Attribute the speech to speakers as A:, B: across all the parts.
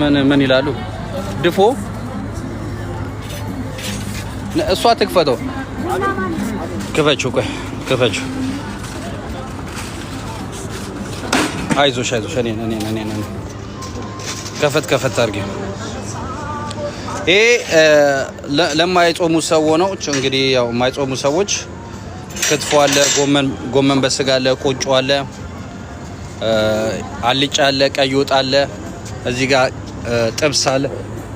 A: ምን ምን ይላሉ? ድፎ እሷ ትክፈተው። ክፈችው፣ ቆይ ክፈችው። አይዞሽ፣ አይዞሽ። እኔ እኔ እኔ እኔ ከፈት ከፈት አድርጊ። ይሄ ለማይጾሙ ሰው ነው እንግዲህ ያው የማይጾሙ ሰዎች ክትፎ አለ፣ ጎመን ጎመን በስጋ አለ፣ ቆጮ አለ አልጫ አለ፣ ቀይ ወጥ አለ፣ እዚህ ጋር ጥብስ አለ፣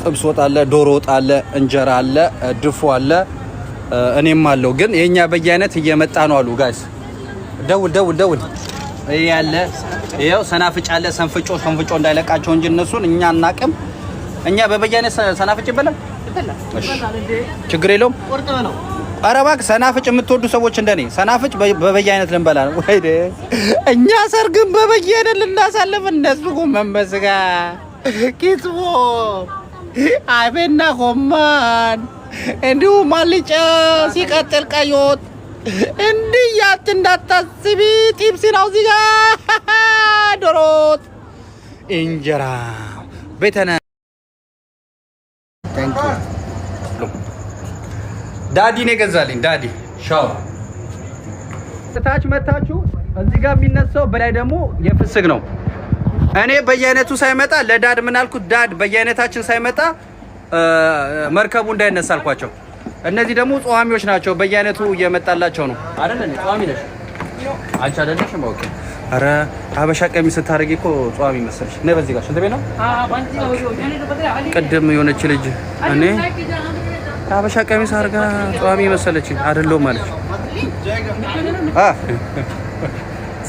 A: ጥብስ ወጥ አለ፣ ዶሮ ወጥ አለ፣ እንጀራ አለ፣ ድፎ አለ፣ እኔም አለው። ግን የኛ በየአይነት እየመጣ ነው አሉ። ጋይስ ደውል ደውል ደውል። ይሄ ያለ ይሄው ሰናፍጭ አለ። ሰንፍጮ ሰንፍጮ እንዳይለቃቸው እንጂ እነሱን እኛ አናቅም። እኛ በበየአይነት ሰናፍጭ ይበላል። ችግር የለውም። ነው ኧረ እባክህ ሰናፍጭ የምትወዱ ሰዎች እንደኔ ሰናፍጭ በበየ አይነት ልንበላ ነው ወይ? እኛ ሰርግን በበየ አይነት ልናሳልፍ፣ እነሱ ጎመን በስጋ ኪትቦ አይቤና ጎመን እንዲሁም አልጫ፣ ሲቀጥል ቀይ ወጥ እንዲህ ያት እንዳታስቢ፣ ጢብሲ ነው እዚህ ጋ ዶሮ ወጥ፣ እንጀራ ቤተነ ዳዲ ነው የገዛልኝ። ዳዲ ሻው እታች መታችሁ እዚህ ጋር የሚነሳው በላይ ደግሞ የፍስግ ነው። እኔ በየአይነቱ ሳይመጣ ለዳድ ምን አልኩት? ዳድ በየአይነታችን ሳይመጣ መርከቡ እንዳይነሳ አልኳቸው። እነዚህ ደግሞ ጾሚዎች ናቸው። በየአይነቱ እየመጣላቸው ነው
B: አይደል? እኔ ነሽ አንቺ
A: ሀበሻ ቀሚስ ስታደርጊ እኮ ጾሚ መሰለሽ። በዚህ ጋር ሽንት ቤት ነው ቅድም የሆነች ልጅ እኔ አበሻ ቀሚስ አድርጋ ጧሚ መሰለችኝ። አይደለሁም አለች።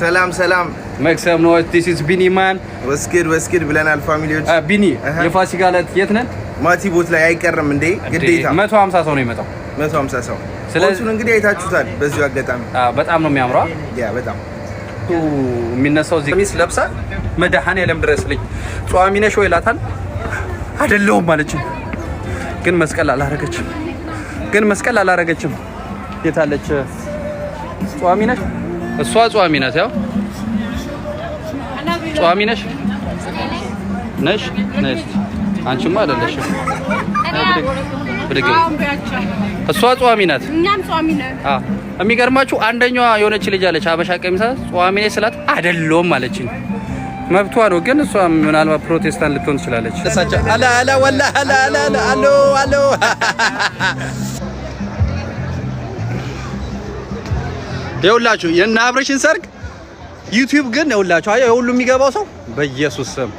A: ሰላም ሰላም፣ መክሰም ነው። ዲስ ኢዝ ቢኒ ማን። ወስኪድ ወስኪድ ብለናል ፋሚሊዎች። ቢኒ የፋሲካ ዕለት የት ነን? ማቲ ቦት ላይ አይቀርም እንዴ? ግዴታ 150 ሰው ነው የመጣው፣ 150 ሰው። ስለዚህ እንግዲህ አይታችሁታል። በዚሁ አጋጣሚ በጣም ነው የሚያምረዋ። ያ በጣም የሚነሳው እዚህ ቀሚስ ለብሳ መድኃኔዓለም ድረስልኝ ጿሚ ነሽ ወይ እላታል። አይደለሁም አለችኝ። ግን መስቀል አላረገችም። ግን መስቀል አላረገችም። የታለች? ጿሚ ነሽ? እሷ ጿሚ ናት። ያው ጿሚ ነሽ ነሽ ነሽ። አንቺማ አይደለሽ። ብድግ እሷ ጿሚ ናት። እኛም ጿሚ ነን። አዎ የሚገርማችሁ አንደኛዋ የሆነች ልጅ አለች፣ አበሻ ቀሚሳ ጿሚ ነች ስላት አይደለም አለችኝ። መብቷ ነው። ግን እሷ ምናልባት ፕሮቴስታንት ልትሆን ትችላለች። የውላችሁ የእነ አብሬሽን ሰርግ ዩቲዩብ ግን የውላችሁ አየሁ የሁሉ የሚገባው ሰው በኢየሱስ ስም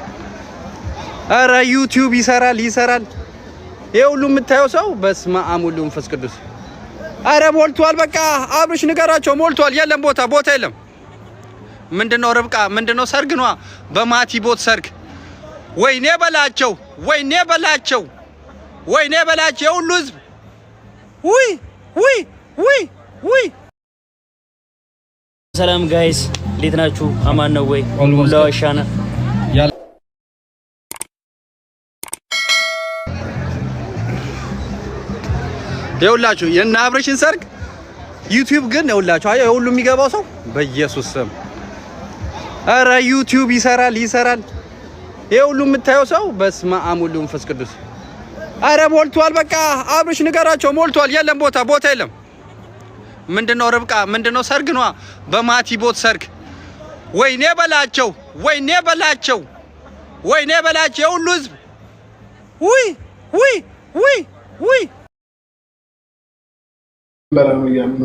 A: ኧረ ዩቲዩብ ይሰራል ይሰራል። የሁሉ የምታየው ሰው በስመ አብ ወወልድ ወመንፈስ ቅዱስ። አረ ሞልቷል። በቃ አብሬሽ ንገራቸው ሞልቷል። የለም ቦታ ቦታ የለም ምንድነው ርብቃ ምንድነው ሰርግ ነዋ። ቦት ሰርግ ወይኔ በላቸው ወይኔ በላቸው ወይኔ በላቸው የሁሉ ህዝብ ውይ ውይ ውይ ውይ። ሰላም ጋይስ እንዴት ናችሁ? አማን ነው ወይ? ሙላዋሻና የሁላችሁ የእነ አብርሽን ሰርግ ዩቲዩብ ግን የሁላችሁ አየሁ የሁሉ የሚገባው ሰው በኢየሱስ ስም ኧረ ዩቲዩብ ይሰራል ይሰራል። ይሄ ሁሉ የምታየው ሰው በስመ አብ ወወልድ ወመንፈስ ቅዱስ። አረ ሞልቷል። በቃ አብርሽ ንገራቸው ሞልቷል። የለም ቦታ ቦታ የለም። ምንድነው ርብቃ ምንድነው ሰርግ ነዋ። በማቲ ቦት ሰርግ። ወይኔ በላቸው ወይኔ በላቸው ወይኔ በላቸው። የሁሉ ህዝብ ውይ ውይ ውይ ውይ በላም እያሉ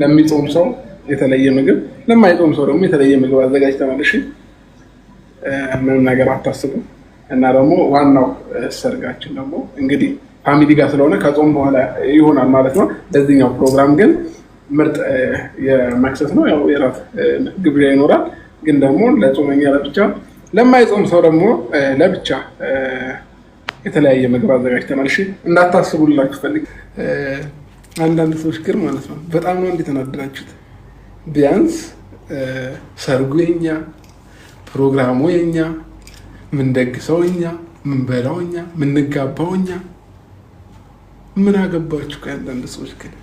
A: ለሚጾም ሰው የተለየ ምግብ ለማይጾም ሰው ደግሞ የተለየ ምግብ አዘጋጅተናል። እሺ ምንም ነገር አታስቡ። እና ደግሞ ዋናው ሰርጋችን ደግሞ እንግዲህ ፋሚሊ ጋር ስለሆነ ከጾም በኋላ ይሆናል ማለት ነው። ለዚህኛው ፕሮግራም ግን ምርጥ የመክሰስ ነው። ያው የራት ግብዣ ይኖራል፣ ግን ደግሞ ለጾመኛ ለብቻ፣ ለማይጾም ሰው ደግሞ ለብቻ የተለያየ ምግብ አዘጋጅተናል። እሺ እንዳታስቡላችሁ ፈልግ አንዳንድ ሰዎች ግን ማለት ነው በጣም ነው እንዴት ተናደዳችሁት? ቢያንስ ሰርጉ የኛ፣ ፕሮግራሙ የኛ፣ ምንደግሰው እኛ፣ ምንበላው እኛ፣ ምንጋባው እኛ። ምን አገባችሁ ከአንዳንድ ሰዎች ግን